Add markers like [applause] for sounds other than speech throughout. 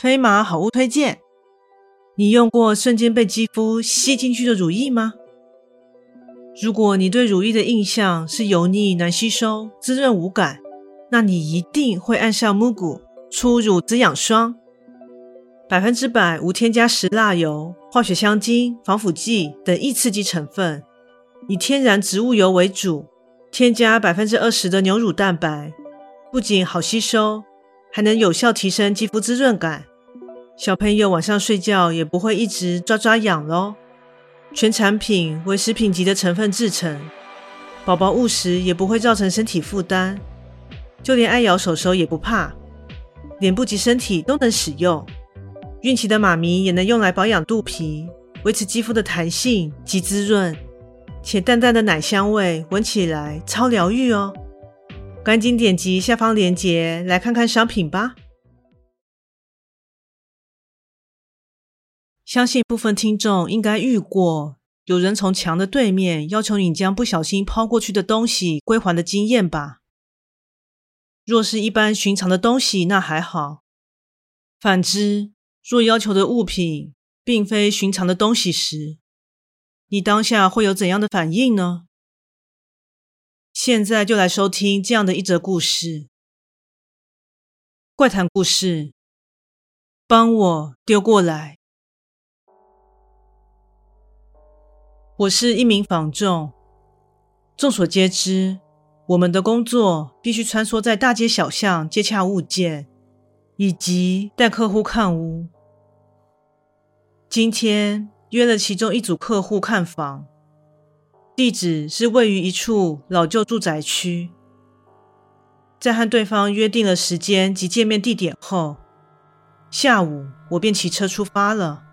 飛馬好物推薦：你用過瞬間被肌膚吸進去的乳液嗎？如果你對乳液的印象是油膩、難吸收、滋潤無感，那你一定會愛上 MooGoo 初乳滋養霜。百分之百無添加石蠟油、化學香精、防腐劑等易刺激成分，以天然植物油為主，添加百分之二十的牛乳蛋白，不僅好吸收，還能有效提升肌膚滋潤感。小朋友晚上睡覺也不會一直抓抓癢咯。全產品為食品級的成分製成，寶寶誤食也不會造成身體負擔。就連愛咬手手也不怕，臉部及身體都能使用。孕期的媽咪也能用來保養肚皮，維持肌膚的彈性及滋潤。且淡淡的奶香味，聞起來超療癒哦。趕緊點擊下方鏈接來看看商品吧。相信部分聽眾應該遇過，有人從牆的對面要求你將不小心拋過去的東西歸還的經驗吧。若是一般尋常的東西，那還好。反之，若要求的物品並非尋常的東西時，你當下會有怎樣的反應呢？現在就來收聽這樣的一則故事。怪談故事。幫我丟過來。我是一名房仲，眾所皆知，我們的工作必須穿梭在大街小巷接洽物件，以及帶客戶看屋。今天約了其中一組客戶看房，地址是位於一處老舊住宅區。在和對方約定了時間及見面地點後，下午我便騎車出發了。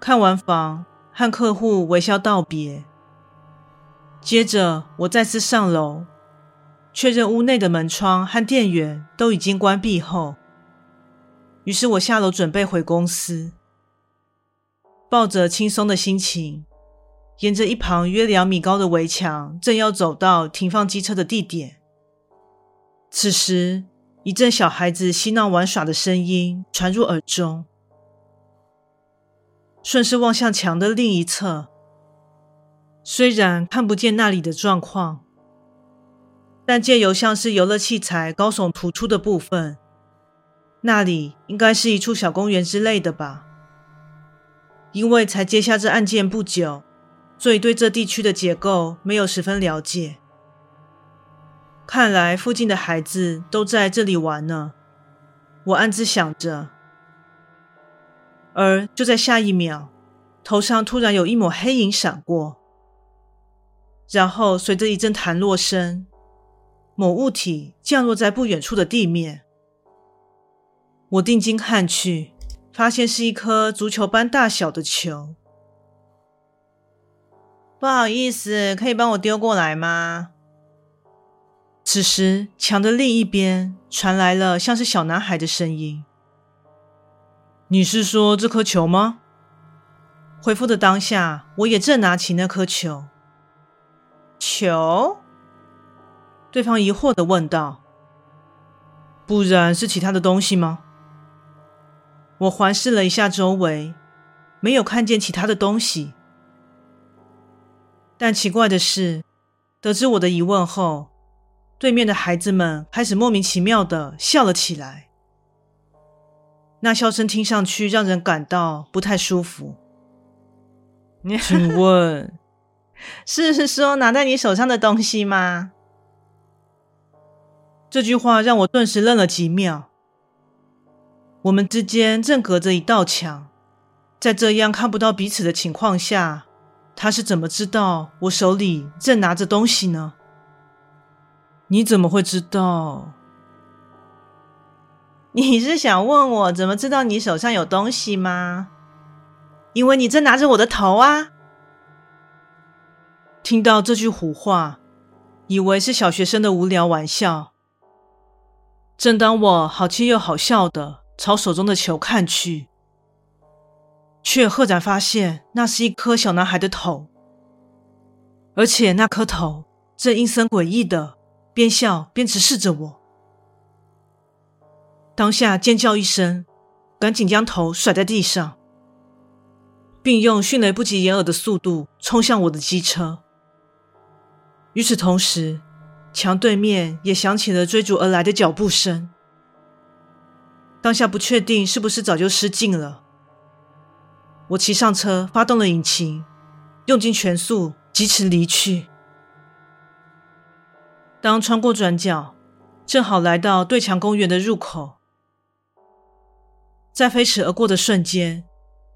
看完房，和客戶微笑道別。接着，我再次上樓，確認屋內的門窗和電源都已經關閉後，於是我下樓準備回公司。抱着輕鬆的心情，沿着一旁約兩米高的圍牆，正要走到停放機車的地點，此時一陣小孩子嬉鬧玩耍的聲音傳入耳中。順勢望向牆的另一側，雖然看不見那裡的狀況，但藉由，像是遊樂器材高聳突出的部分，那裡應該是一處小公園之類的吧？因為才接下這案件不久，所以對這地區的結構沒有十分了解。看來附近的孩子都在這裡玩呢，我暗自想着。而就在下一秒，頭上突然有一抹黑影閃過，然後隨着一陣彈落聲，某物體降落在不遠處的地面。我定睛看去，發現是一顆足球般大小的球。不好意思，可以幫我丟過來嗎？此時，牆的另一邊傳來了像是小男孩的聲音。你是說這顆球嗎？回覆的當下，我也正拿起那顆球。球？對方疑惑地問道。不然是其他的東西嗎？我環視了一下周圍，沒有看見其他的東西。但奇怪的是，得知我的疑問後，對面的孩子們開始莫名其妙地笑了起來。那笑聲聽上去讓人感到不太舒服。請問， [laughs] 是，是說拿在你手上的東西嗎？這句話讓我頓時愣了幾秒。我們之間正隔着一道牆，在這樣看不到彼此的情況下，他是怎麼知道我手裡正拿着東西呢？你怎麼會知道？你是想問我怎麼知道你手上有東西嗎？因為你正拿着我的頭啊！聽到這句胡話，以為是小學生的無聊玩笑。正當我好氣又好笑的朝手中的球看去，卻赫然發現那是一顆小男孩的頭，而且那顆頭正陰森詭異的邊笑邊直視着我。當下尖叫一聲，趕緊將頭甩在地上，並用迅雷不及掩耳的速度衝向我的機車。與此同時，牆對面也響起了追逐而來的腳步聲。當下不確定是不是早就失禁了，我騎上車，發動了引擎，用盡全速疾馳離去。當穿過轉角，正好來到對牆公園的入口。在飛馳而過的瞬間，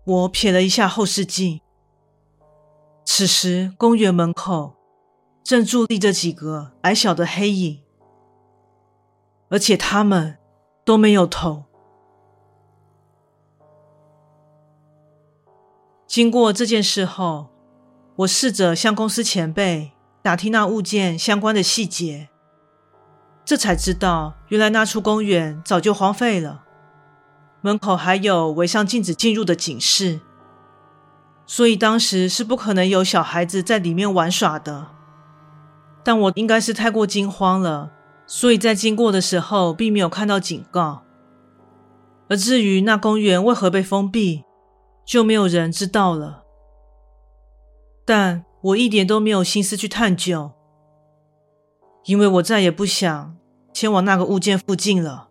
我瞥了一下後視鏡。此時，公園門口正佇立着幾個矮小的黑影，而且他們都沒有頭。經過這件事後，我試着向公司前輩打聽那物件相關的細節，這才知道，原來那處公園早就荒廢了。門口還有圍上禁止進入的警示，所以當時是不可能有小孩子在裡面玩耍的。但我應該是太過驚慌了，所以在經過的時候並沒有看到警告。而至於那公園為何被封閉，就沒有人知道了。但我一點都沒有心思去探究，因為我再也不想前往那個物件附近了。